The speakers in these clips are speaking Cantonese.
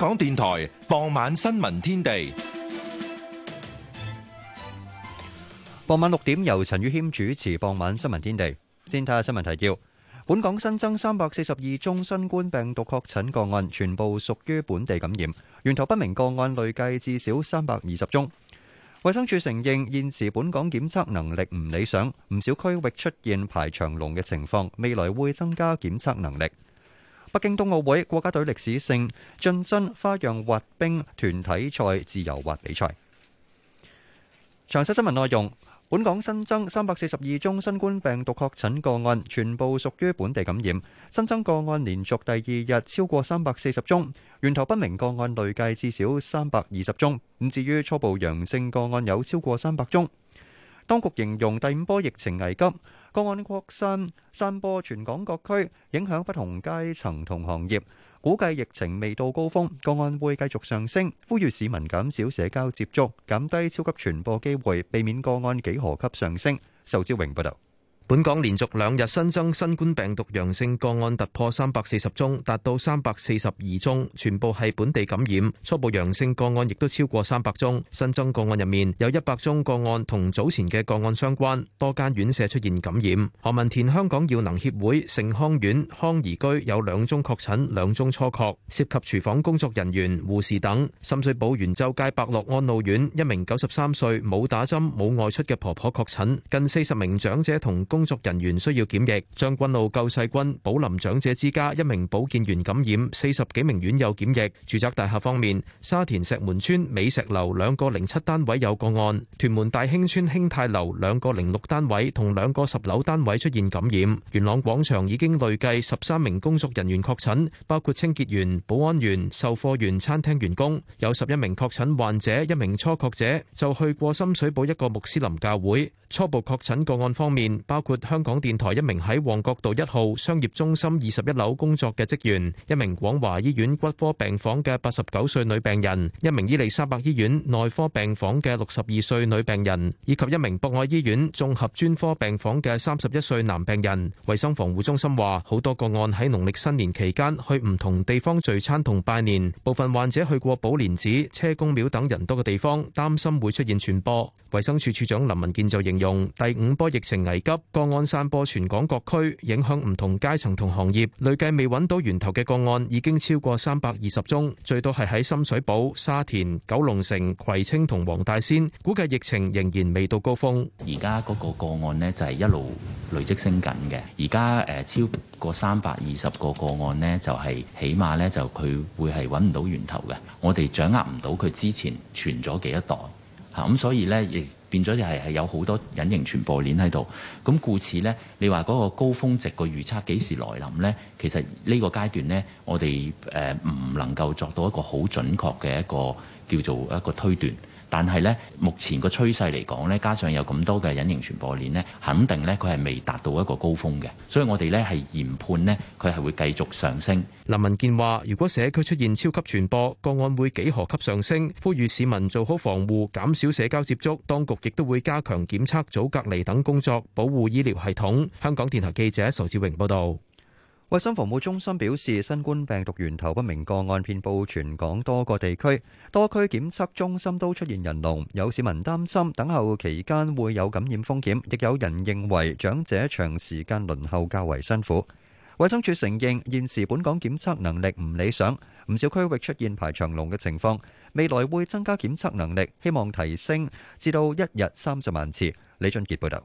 香港電台傍晚新聞天地，傍晚六點由陳宇謙主持。傍晚新聞天地，先睇下新聞提要。本港新增三百四十二宗新冠病毒確診個案，全部屬於本地感染。源頭不明個案累計至少三百二十宗。衛生署承認現時本港檢測能力唔理想，唔少區域出現排長龍嘅情況。未來會增加檢測能力。北京冬奧會國家隊歷史性晉身花樣滑冰團體賽自由滑比賽。詳細新聞內容：本港新增三百四十二宗新冠病毒確診個案，全部屬於本地感染。新增個案連續第二日超過三百四十宗，源頭不明個案累計至少三百二十宗。咁至於初步陽性個案有超過三百宗，當局形容第五波疫情危急。個案擴散散播全港各區，影響不同階層同行業。估計疫情未到高峰，個案會繼續上升。呼籲市民減少社交接觸，減低超級傳播機會，避免個案幾何級上升。仇志榮報道。本港連續兩日新增新冠病毒陽性個案突破三百四十宗，達到三百四十二宗，全部係本地感染。初步陽性個案亦都超過三百宗。新增個案入面有一百宗個案同早前嘅個案相關，多間院舍出現感染。何文田香港耀能協會盛康苑康怡居有兩宗確診，兩宗初確，涉及廚房工作人員、護士等。深水埗元州街白樂安老院一名九十三歲冇打針、冇外出嘅婆婆確診，近四十名長者同工工作人員需要檢疫，將軍澳救世軍寶林長者之家一名保健員感染，四十幾名院友檢疫。住宅大廈方面，沙田石門村美石樓兩個零七單位有個案，屯門大興村興泰樓兩個零六單位同兩個十樓單位出現感染。元朗廣場已經累計十三名工作人員確診，包括清潔員、保安員、售貨員、餐廳員工，有十一名確診患者，一名初確者就去過深水埗一個穆斯林教會。初步確診個案方面，包括香港電台一名喺旺角道一號商業中心二十一樓工作嘅職員，一名廣華醫院骨科病房嘅八十九歲女病人，一名伊利沙伯醫院內科病房嘅六十二歲女病人，以及一名博愛醫院綜合專科病房嘅三十一歲男病人。衛生防護中心話，好多個案喺農曆新年期間去唔同地方聚餐同拜年，部分患者去過寶蓮寺、車公廟等人多嘅地方，擔心會出現傳播。衛生署署長林文健就形容第五波疫情危急。個案散播全港各區，影響唔同階層同行業。累計未搵到源頭嘅個案已經超過三百二十宗，最多係喺深水埗、沙田、九龍城、葵青同黃大仙。估計疫情仍然未到高峰。而家嗰個個案呢，就係一路累積升緊嘅，而家誒超過三百二十個個案呢，就係起碼呢，就佢會係搵唔到源頭嘅，我哋掌握唔到佢之前傳咗幾多代吓，咁所以呢。亦。變咗又係係有好多隱形傳播鏈喺度，咁故此呢，你話嗰個高峰值個預測幾時來臨呢？其實呢個階段呢，我哋誒唔能夠作到一個好準確嘅一個叫做一個推斷。但係咧，目前個趨勢嚟講咧，加上有咁多嘅隱形傳播鏈咧，肯定咧佢係未達到一個高峰嘅，所以我哋咧係研判咧，佢係會繼續上升。林文健話，如果社區出現超級傳播，個案會幾何級上升，呼籲市民做好防護，減少社交接觸。當局亦都會加強檢測、早隔離等工作，保護醫療系統。香港電台記者仇志榮報導。衛生防護中心表示，新冠病毒源頭不明個案遍佈全港多個地區，多區檢測中心都出現人龍。有市民擔心等候期間會有感染風險，亦有人認為長者長時間輪候較為辛苦。衛生署承認現時本港檢測能力唔理想，唔少區域出現排長龍嘅情況。未來會增加檢測能力，希望提升至到一日三十萬次。李俊傑報道。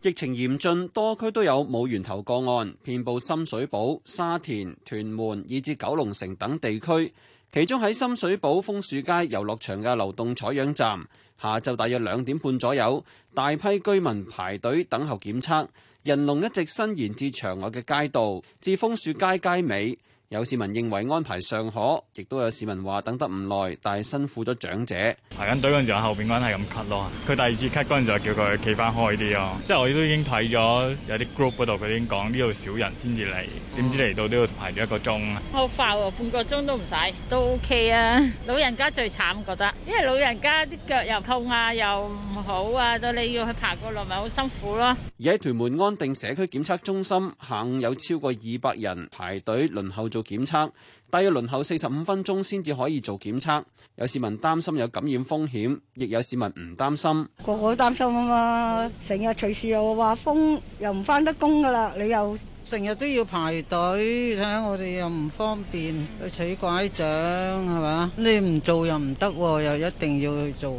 疫情嚴峻，多區都有冇源頭個案，遍佈深水埗、沙田、屯門以至九龍城等地區。其中喺深水埗楓樹街遊樂場嘅流動採樣站，下晝大約兩點半左右，大批居民排隊等候檢測，人龍一直伸延至場外嘅街道，至楓樹街街尾。有市民認為安排尚可，亦都有市民話等得唔耐，但係辛苦咗長者排緊隊嗰陣時候，後邊關係咁咳咯。佢第二次咳嗰陣時候叫佢企翻開啲咯。即係我都已經睇咗有啲 group 嗰度，佢已經講呢度少人先至嚟，點知嚟到呢度排咗一個鐘啊！好快喎，半個鐘都唔使，都 OK 啊！老人家最慘，覺得因為老人家啲腳又痛啊，又唔好啊，到你要去爬個樓咪好辛苦咯。而喺屯門安定社區檢測中心，下午有超過二百人排隊輪候做做檢測，大約輪候四十五分鐘先至可以做檢測。有市民擔心有感染風險，亦有市民唔擔心。個個都擔心啊嘛，成日隨時又話封，又唔翻得工噶啦。你又成日都要排隊，睇下我哋又唔方便去取拐杖，係嘛？你唔做又唔得，又一定要去做，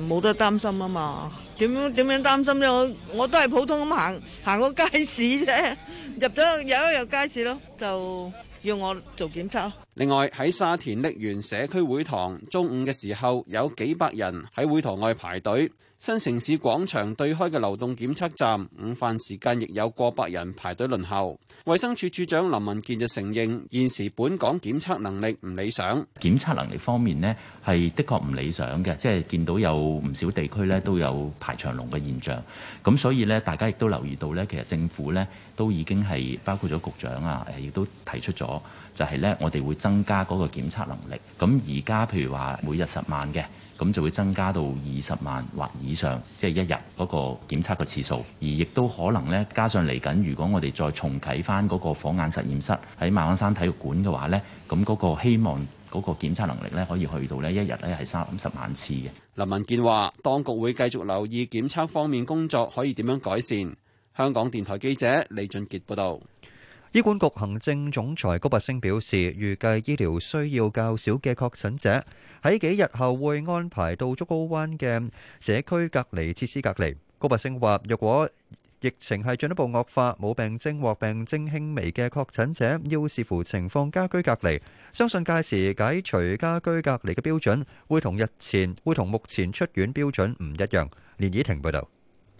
冇得擔心啊嘛？點樣點樣擔心呢？我我都係普通咁行行個街市啫，入咗入一入街市咯就。要我做檢測。另外，喺沙田瀝源社區會堂，中午嘅時候有幾百人喺會堂外排隊。新城市廣場對開嘅流動檢測站，午飯時間亦有過百人排隊輪候。衛生署署長林文健就承認，現時本港檢測能力唔理想。檢測能力方面呢，係的確唔理想嘅，即係見到有唔少地區呢都有排長龍嘅現象。咁所以呢，大家亦都留意到呢，其實政府呢都已經係包括咗局長啊，亦都提出咗，就係呢，我哋會增加嗰個檢測能力。咁而家譬如話每日十萬嘅。咁就會增加到二十萬或以上，即係一日嗰個檢測嘅次數，而亦都可能呢，加上嚟緊，如果我哋再重啟翻嗰個火眼實驗室喺馬鞍山體育館嘅話呢，咁嗰個希望嗰個檢測能力呢，可以去到呢，一日呢，係三十萬次嘅。林文健話，當局會繼續留意檢測方面工作可以點樣改善。香港電台記者李俊傑報道。醫管局行政總裁高拔升表示，預計醫療需要較少嘅確診者喺幾日後會安排到竹篙灣嘅社區隔離設施隔離。高拔升話，若果疫情係進一步惡化，冇病徵或病徵輕微嘅確診者要視乎情況家居隔離。相信屆時解除家居隔離嘅標準會同日前會同目前出院標準唔一樣。連綺婷報道。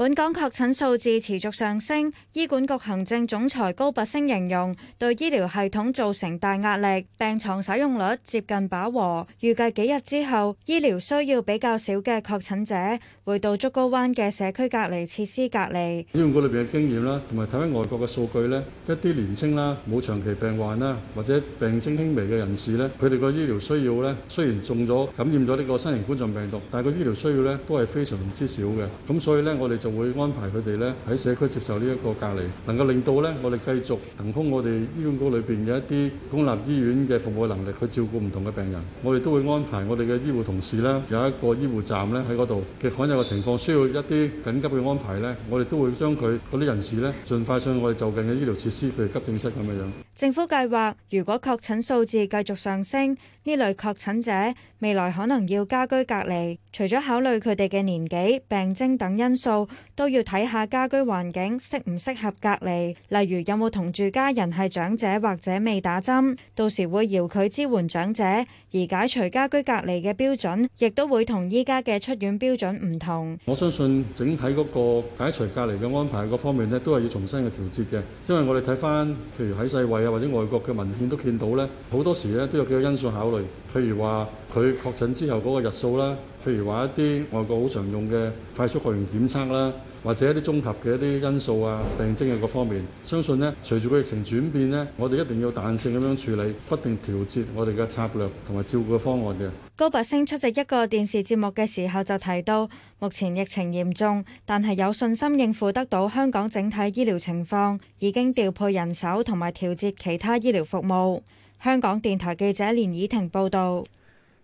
本港確診數字持續上升，醫管局行政總裁高拔升形容對醫療系統造成大壓力，病床使用率接近飽和。預計幾日之後，醫療需要比較少嘅確診者會到竹篙灣嘅社區隔離設施隔離。醫院裏邊嘅經驗啦，同埋睇翻外國嘅數據呢，一啲年輕啦、冇長期病患啦，或者病徵輕微嘅人士呢，佢哋個醫療需要呢，雖然中咗感染咗呢個新型冠狀病毒，但係個醫療需要呢，都係非常之少嘅。咁所以呢，我哋就會安排佢哋咧喺社區接受呢一個隔離，能夠令到咧我哋繼續騰空我哋醫院局裏邊嘅一啲公立醫院嘅服務能力去照顧唔同嘅病人。我哋都會安排我哋嘅醫護同事咧有一個醫護站咧喺嗰度，極罕有嘅情況需要一啲緊急嘅安排咧，我哋都會將佢嗰啲人士咧盡快上我哋就近嘅醫療設施，譬如急症室咁嘅樣。政府計劃，如果確診數字繼續上升，呢類確診者未來可能要家居隔離。除咗考慮佢哋嘅年紀、病徵等因素，都要睇下家居環境適唔適合隔離。例如有冇同住家人係長者或者未打針，到時會遙距支援長者。而解除家居隔離嘅標準，亦都會同依家嘅出院標準唔同。我相信整體嗰個解除隔離嘅安排各方面咧，都係要重新嘅調節嘅，因為我哋睇返譬如喺世衛啊，或者外國嘅文獻都見到咧，好多時咧都有幾個因素考慮，譬如話佢確診之後嗰個日數啦，譬如話一啲外國好常用嘅快速抗原檢測啦。或者一啲綜合嘅一啲因素啊、病徵嘅各方面，相信呢，隨住個疫情轉變呢，我哋一定要彈性咁樣處理，不斷調節我哋嘅策略同埋照顧嘅方案嘅。高拔陞出席一個電視節目嘅時候就提到，目前疫情嚴重，但係有信心應付得到香港整體醫療情況，已經調配人手同埋調節其他醫療服務。香港電台記者連以婷報道。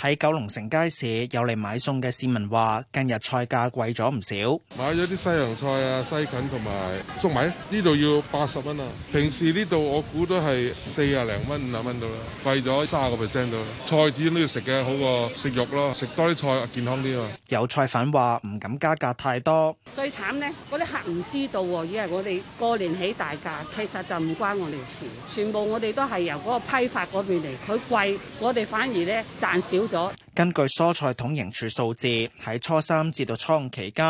喺九龍城街市有嚟買餸嘅市民話，近日菜價貴咗唔少，買咗啲西洋菜啊、西芹同埋粟米，呢度要八十蚊啊！平時呢度我估都係四啊零蚊、五啊蚊到啦，貴咗卅個 percent 到。菜始終都要食嘅，好過食肉咯，食多啲菜健康啲啊！有菜販話唔敢加價太多，最慘呢嗰啲客唔知道喎，以為我哋過年起大價，其實就唔關我哋事，全部我哋都係由嗰個批發嗰邊嚟，佢貴，我哋反而咧賺少。根據蔬菜統營處數字，喺初三至到初五期間，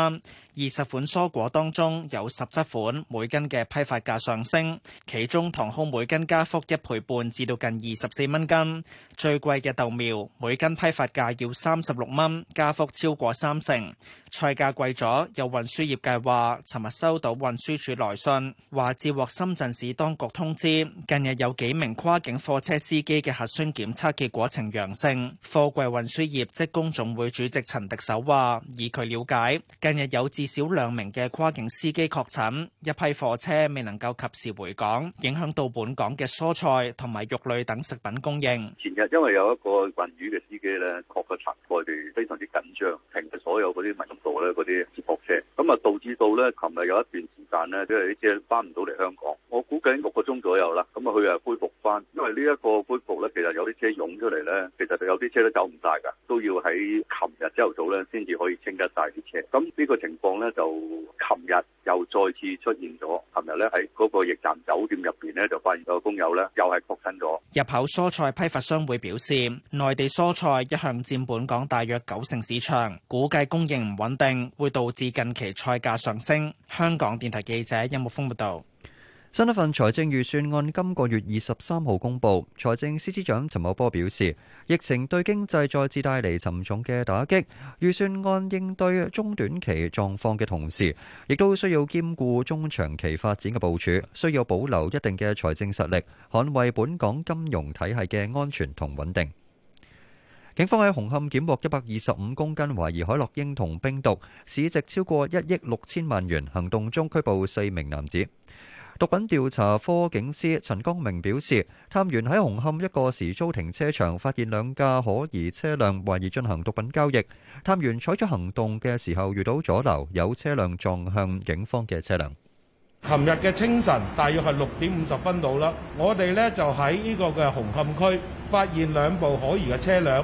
二十款蔬果當中有十七款每斤嘅批發價上升，其中糖紅每斤加幅一倍半至到近二十四蚊斤，最貴嘅豆苗每斤批發價要三十六蚊，加幅超過三成。菜價貴咗，有運輸業界話尋日收到運輸署來信，話接獲深圳市當局通知，近日有幾名跨境貨車司機嘅核酸檢測結果呈陽性。貨櫃運輸業職工總會主席陳迪手話，以佢了解，近日有至少兩名嘅跨境司機確診，一批貨車未能夠及時回港，影響到本港嘅蔬菜同埋肉類等食品供應，前日因為有一個運魚嘅司機咧確實，我哋非常之緊張，停咗所有嗰啲度咧啲接駁車，咁啊導致到咧，琴日有一段時間咧，即係啲車翻唔到嚟香港。我估計六個鐘左右啦，咁啊佢啊恢復翻，因為呢一個恢復咧，其實就有啲車湧出嚟咧，其實有啲車都走唔晒㗎，都要喺琴日朝頭早咧先至可以清得晒啲車。咁呢個情況咧，就琴日又再次出現咗。琴日咧喺嗰個驛站酒店入，就發現個工友咧又係確診咗。入口蔬菜批發商會表示，內地蔬菜一向佔本港大約九成市場，估計供應唔穩定，會導致近期菜價上升。香港電台記者音木豐報道。新一份財政預算案今個月二十三號公佈，財政司司長陳茂波表示，疫情對經濟再次帶嚟沉重嘅打擊，預算案應對中短期狀況嘅同時，亦都需要兼顧中長期發展嘅部署，需要保留一定嘅財政實力，捍衛本港金融體系嘅安全同穩定。警方喺紅磡檢獲一百二十五公斤懷疑海洛因同冰毒，市值超過一億六千萬元，行動中拘捕四名男子。毒品調查科警司陳光明表示，探員喺紅磡一個時租停車場發現兩架可疑車輛，懷疑進行毒品交易。探員採取行動嘅時候遇到阻留，有車輛撞向警方嘅車輛。琴日嘅清晨，大約係六點五十分到啦。我哋呢就喺呢個嘅紅磡區發現兩部可疑嘅車輛。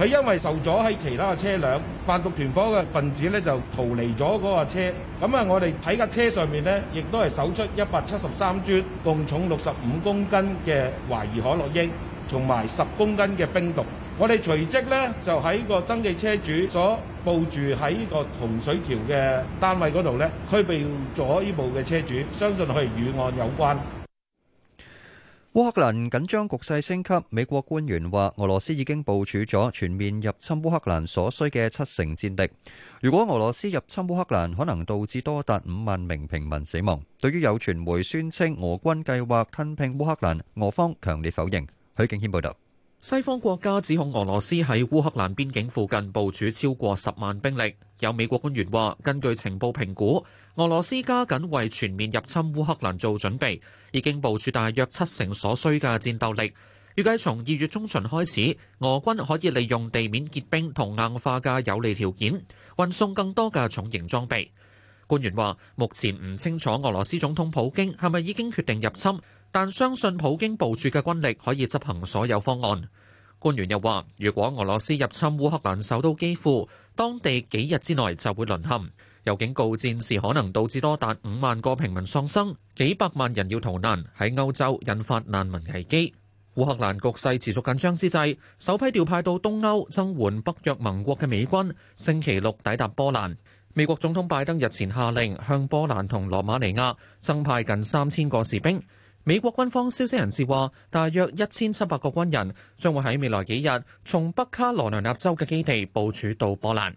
佢因為受阻喺其他嘅車輛，販毒團伙嘅分子咧就逃離咗嗰個車。咁啊，我哋睇架車上面咧，亦都係搜出一百七十三樽，共重六十五公斤嘅懷疑可樂英，同埋十公斤嘅冰毒。我哋隨即咧就喺個登記車主所住喺個洪水橋嘅單位嗰度咧拘捕咗呢部嘅車主，相信佢係與案有關。烏克蘭緊張局勢升級，美國官員話俄羅斯已經部署咗全面入侵烏克蘭所需嘅七成戰力。如果俄羅斯入侵烏克蘭，可能導致多達五萬名平民死亡。對於有傳媒宣稱俄軍計劃吞併烏克蘭，俄方強烈否認。許敬軒報道。西方國家指控俄羅斯喺烏克蘭邊境附近部署超過十萬兵力。有美國官員話：根據情報評估，俄羅斯加緊為全面入侵烏克蘭做準備，已經部署大約七成所需嘅戰鬥力。預計從二月中旬開始，俄軍可以利用地面結冰同硬化嘅有利條件，運送更多嘅重型裝備。官員話：目前唔清楚俄羅斯總統普京係咪已經決定入侵。但相信普京部署嘅軍力可以執行所有方案。官員又話，如果俄羅斯入侵烏克蘭首都基輔，當地幾日之內就會淪陷。又警告戰事可能導致多達五萬個平民喪生，幾百萬人要逃難，喺歐洲引發難民危機。烏克蘭局勢持續緊張之際，首批調派到東歐增援北約盟國嘅美軍，星期六抵達波蘭。美國總統拜登日前下令向波蘭同羅馬尼亞增派近三千個士兵。美國軍方消息人士話，大約一千七百個軍人將會喺未來幾日從北卡羅來納州嘅基地部署到波蘭。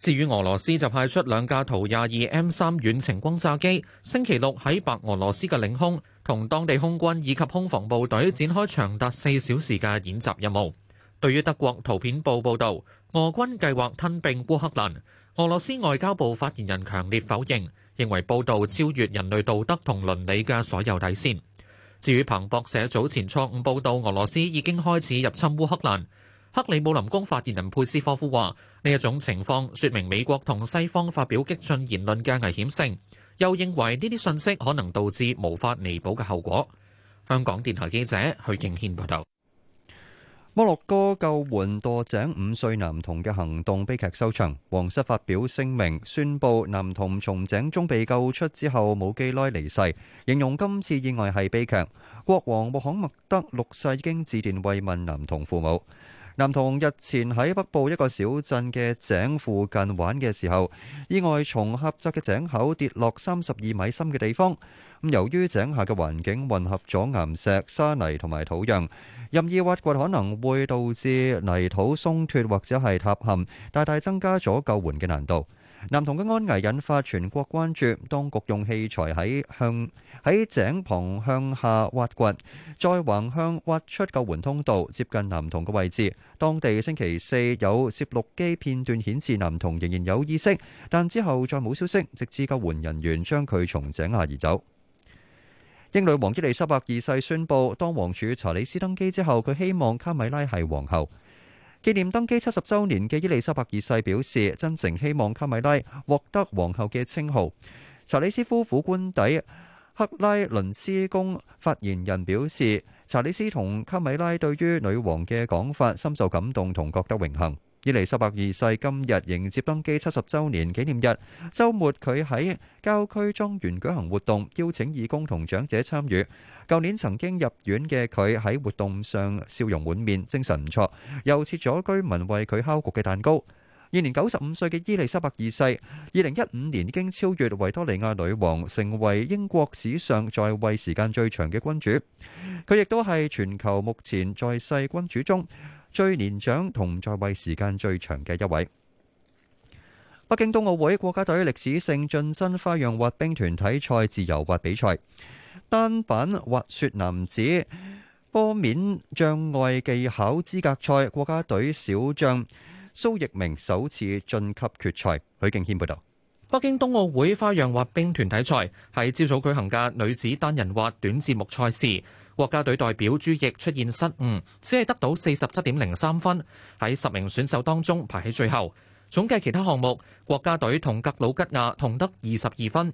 至於俄羅斯就派出兩架圖廿二 M 三遠程轟炸機，星期六喺白俄羅斯嘅領空同當地空軍以及空防部隊展開長達四小時嘅演習任務。對於德國圖片報報導，俄軍計劃吞併烏克蘭，俄羅斯外交部發言人強烈否認，認為報道超越人類道德同倫理嘅所有底線。至於彭博社早前錯誤報導俄羅斯已經開始入侵烏克蘭，克里姆林宮發言人佩斯科夫話：呢一種情況說明美國同西方發表激進言論嘅危險性，又認為呢啲信息可能導致無法彌補嘅後果。香港電台記者許敬軒報道。摩洛哥救援墮井五歲男童嘅行動悲劇收場，皇室發表聲明，宣布男童從井中被救出之後冇幾耐離世，形容今次意外係悲劇。國王穆罕默德六世已經致電慰問男童父母。男童日前喺北部一個小鎮嘅井附近玩嘅時候，意外從狹窄嘅井口跌落三十二米深嘅地方。咁由於井下嘅環境混合咗岩石、沙泥同埋土壤，任意挖掘可能會導致泥土鬆脱或者係塌陷，大大增加咗救援嘅難度。男童嘅安危引發全國關注，當局用器材喺向喺井旁向下挖掘，再橫向挖出救援通道，接近男童嘅位置。當地星期四有攝錄機片段顯示男童仍然有意識，但之後再冇消息，直至救援人員將佢從井下移走。英女王伊莉莎白二世宣布，當王儲查理斯登基之後，佢希望卡米拉係皇后。紀念登基七十周年嘅伊麗莎白二世表示，真誠希望卡米拉獲得皇后嘅稱號。查理斯夫婦官邸克拉倫斯宮發言人表示，查理斯同卡米拉對於女王嘅講法深受感動，同覺得榮幸。伊利沙伯二世今日迎接登基七十周年紀念日，周末佢喺郊區莊園舉行活動，邀請義工同長者參與。舊年曾經入院嘅佢喺活動上笑容滿面，精神唔錯，又切咗居民為佢烤焗嘅蛋糕。現年九十五歲嘅伊利沙伯二世，二零一五年已經超越維多利亞女王，成為英國史上在位時間最長嘅君主。佢亦都係全球目前在世君主中。最年長同在位時間最長嘅一位。北京冬奧會國家隊歷史性晉身花樣滑冰團體賽自由滑比賽，單板滑雪男子坡面障礙技巧資格賽，國家隊小將蘇翊鳴首次晉級決賽。許敬謙報道。北京冬奧會花樣滑冰團體賽係朝早舉行嘅女子單人滑短節目賽事。國家隊代表朱易出現失誤，只係得到四十七點零三分，喺十名選手當中排喺最後。總計其他項目，國家隊同格魯吉亞同得二十二分。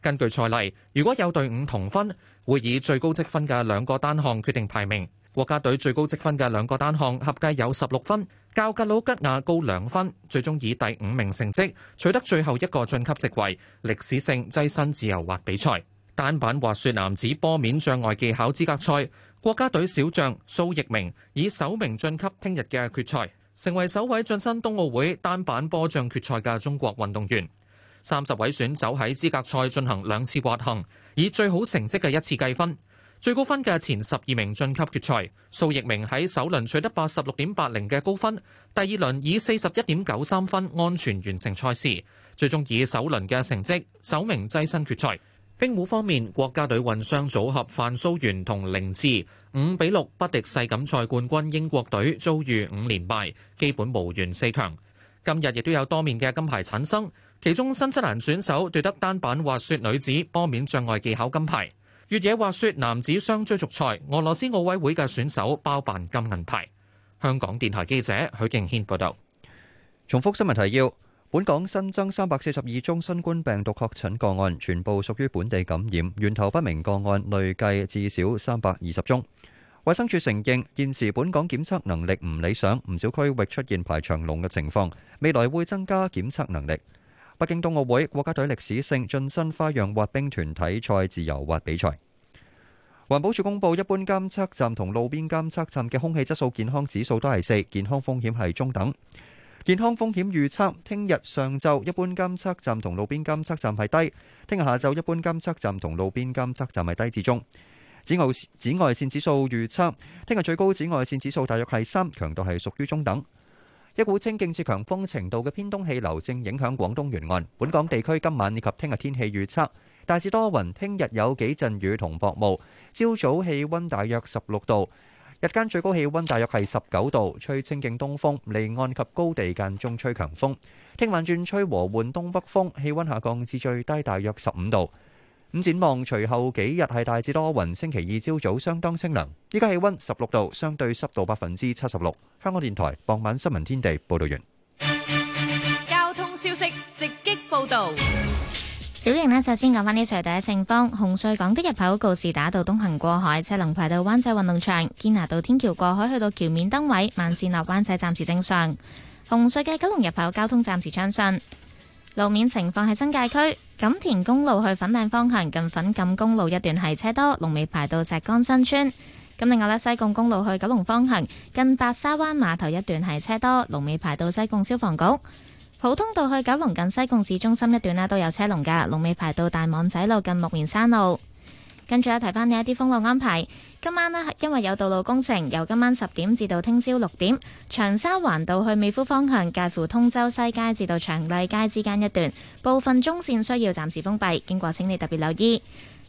根據賽例，如果有隊伍同分，會以最高積分嘅兩個單項決定排名。國家隊最高積分嘅兩個單項合計有十六分，較格魯吉亞高兩分，最終以第五名成績取得最後一個晉級席位，歷史性躋身自由滑比賽。單板滑雪男子坡面障礙技巧資格賽，國家隊小將蘇奕明以首名晉級聽日嘅決賽，成為首位晉身冬奧會單板坡障決賽嘅中國運動員。三十位選手喺資格賽進行兩次滑行，以最好成績嘅一次計分，最高分嘅前十二名晉級決賽。蘇奕明喺首輪取得八十六點八零嘅高分，第二輪以四十一點九三分安全完成賽事，最終以首輪嘅成績首名躋身決賽。冰壺方面，國家隊混雙組合范蘇圓同凌智五比六不敵世錦賽冠軍英國隊，遭遇五連敗，基本無緣四強。今日亦都有多面嘅金牌產生，其中新西蘭選手奪得單板滑雪女子坡面障礙技巧金牌，越野滑雪男子雙追逐賽，俄羅斯奧委會嘅選手包辦金銀牌。香港電台記者許敬軒報道。重複新聞提要。本港新增三百四十二宗新冠病毒確診個案，全部屬於本地感染，源頭不明個案累計至少三百二十宗。衛生署承認，現時本港檢測能力唔理想，唔少區域出現排長龍嘅情況，未來會增加檢測能力。北京冬奧會，國家隊歷史性晉身花樣滑冰團體賽自由滑比賽。環保署公布，一般監測站同路邊監測站嘅空氣質素健康指數都係四，健康風險係中等。健康風險預測：聽日上晝一般監測站同路邊監測站係低；聽日下晝一般監測站同路邊監測站係低至中。紫外紫外線指數預測：聽日最高紫外線指數大約係三，強度係屬於中等。一股清勁至強風程度嘅偏東氣流正影響廣東沿岸，本港地區今晚以及聽日天氣預測大致多雲，聽日有幾陣雨同薄霧。朝早氣温大約十六度。日間最高氣溫大約係十九度，吹清勁東風，離岸及高地間中吹強風。聽晚轉吹和緩東北風，氣溫下降至最低大約十五度。咁展望隨後幾日係大致多雲，星期二朝早相當清涼。依家氣溫十六度，相對濕度百分之七十六。香港電台傍晚新聞天地報道完。交通消息直擊報道。小型呢，首先講翻啲隧道嘅情況。紅隧港島入口告士打道東行過海，車龍排到灣仔運動場；堅拿道天橋過海去到橋面燈位，慢線落灣仔暫時正常。紅隧嘅九龍入口交通暫時暢順。路面情況喺新界區，錦田公路去粉嶺方向，近粉錦公路一段係車多，龍尾排到石崗新村。咁另外呢，西貢公路去九龍方向，近白沙灣碼頭一段係車多，龍尾排到西貢消防局。普通道去九龍近西貢市中心一段啦，都有車龍噶，龍尾排到大網仔路近木棉山路。跟住啊，提翻你一啲封路安排。今晚咧，因為有道路工程，由今晚十點至到聽朝六點，長沙灣道去美孚方向介乎通州西街至到長麗街之間一段部分中線需要暫時封閉，經過請你特別留意。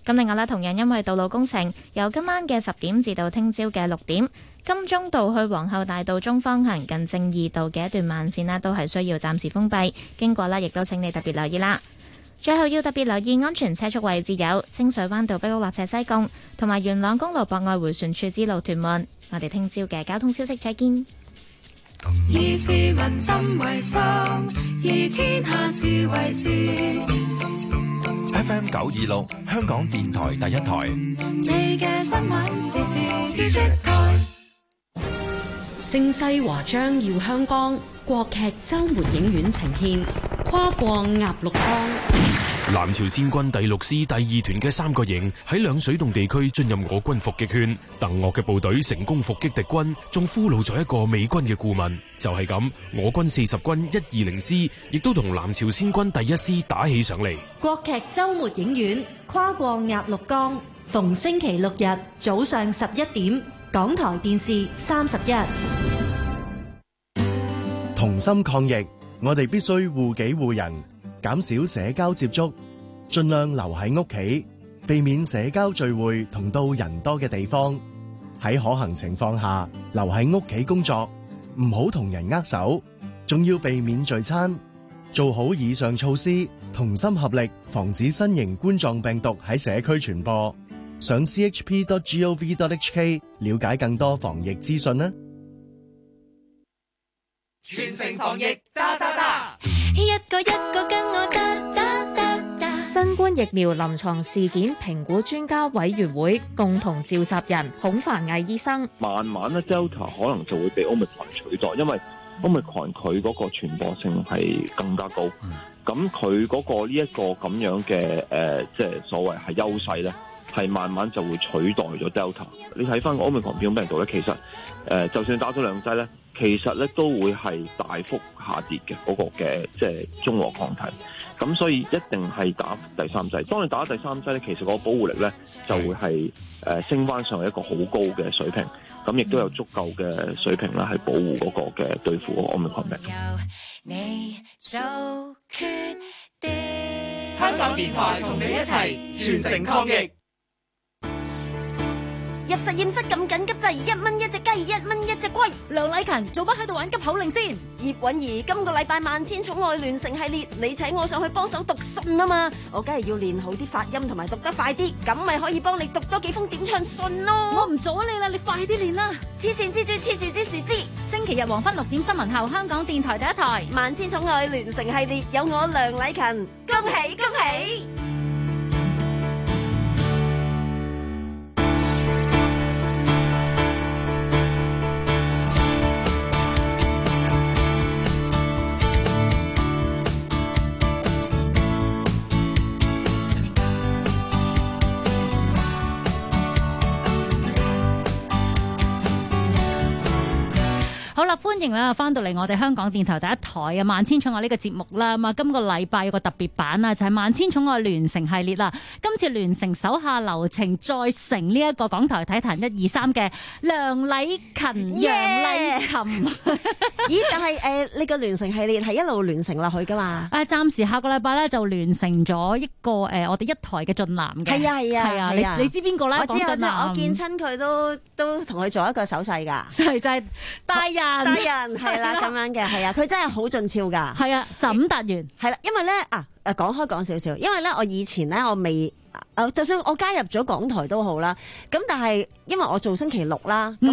咁另外咧，同樣因為道路工程，由今晚嘅十點至到聽朝嘅六點。金鐘道去皇后大道中方向近正義道嘅一段慢線啦，都係需要暫時封閉，經過啦亦都請你特別留意啦。最後要特別留意安全車速位置，有清水灣道北谷或斜西貢，同埋元朗公路博愛迴旋處之路屯門。我哋聽朝嘅交通消息，再見。以市民心為心，以天下事為事。FM 九二六， 26，香港電台第一台。你嘅新聞時事知識台。正西華章耀香江，國劇週末影院呈現《跨過鴨綠江》。南朝鮮軍第六師第二團嘅三個營喺兩水洞地區進入我軍伏擊圈，鄧岳嘅部隊成功伏擊敵軍，仲俘虜咗一個美軍嘅顧問。就係、是、咁，我軍四十軍一二零師亦都同南朝鮮軍第一師打起上嚟。國劇週末影院《跨過鴨綠江》，逢星期六日早上十一點。港台電視三十一，同心抗疫，我哋必須護己護人，減少社交接觸，盡量留喺屋企，避免社交聚會同到人多嘅地方。喺可行情況下，留喺屋企工作，唔好同人握手，仲要避免聚餐。做好以上措施，同心合力，防止新型冠狀病毒喺社區傳播。上 c h p dot g o v dot h k 了解更多防疫資訊啦！全城防疫，打打打！一個一個跟我噠噠噠！新冠疫苗臨床事件評估專家委員會共同召集人孔凡毅醫生，慢慢咧，Delta 可能就會被 Omicron 取代，因為 Omicron 佢嗰個傳播性係更加高，咁佢嗰個呢一、這個咁樣嘅誒、呃，即係所謂係優勢咧。係慢慢就會取代咗 Delta。你睇翻個奧密克戎變病毒咧，其實誒就算打咗兩劑咧，其實咧都會係大幅下跌嘅嗰、那個嘅即係中和抗體。咁所以一定係打第三劑。當你打第三劑咧，其實個保護力咧就會係誒、呃、升翻上一個好高嘅水平。咁亦都有足夠嘅水平啦，係保護嗰個嘅對付個奧密克戎。香港電台同你一齊全城抗疫。入實驗室撳緊急掣，一蚊一隻雞，一蚊一隻龜。梁禮勤，做乜喺度玩急口令先？葉允兒，今個禮拜萬千寵愛聯成系列，你請我上去幫手讀信啊嘛，我梗係要練好啲發音同埋讀得快啲，咁咪可以幫你讀多幾封點唱信咯。我唔阻你啦，你快啲練啦。黐線蜘蛛黐住枝樹枝。之之星期日黃昏六點新聞後，香港電台第一台萬千寵愛聯成系列，有我梁禮勤，恭喜恭喜。恭喜好啦，歡迎啦，翻到嚟我哋香港電台第一台嘅《萬千寵愛》呢個節目啦。咁啊，今個禮拜有個特別版啊，就係、是《萬千寵愛聯乘系列》啦。今次聯乘手下留情再乘呢一個港台體壇一二三嘅梁麗琴、楊麗琴。咦耶？琴但係是誒、 呃，你個聯乘系列係一路聯乘落去噶嘛？啊，暫時下個禮拜咧就聯乘咗一個誒、呃，我哋一台嘅俊男嘅。係啊，係啊，係啊，啊啊你你知邊個咧？我知我見親佢都都同佢做一個手勢㗎，係就係帶入。大人係啦，咁樣嘅係啊，佢 真係好俊俏噶，係啊，十五達員係啦，因為咧啊誒，講開講少少，因為咧我以前咧我未誒，就算我加入咗港台都好啦，咁但係因為我做星期六啦。 嗯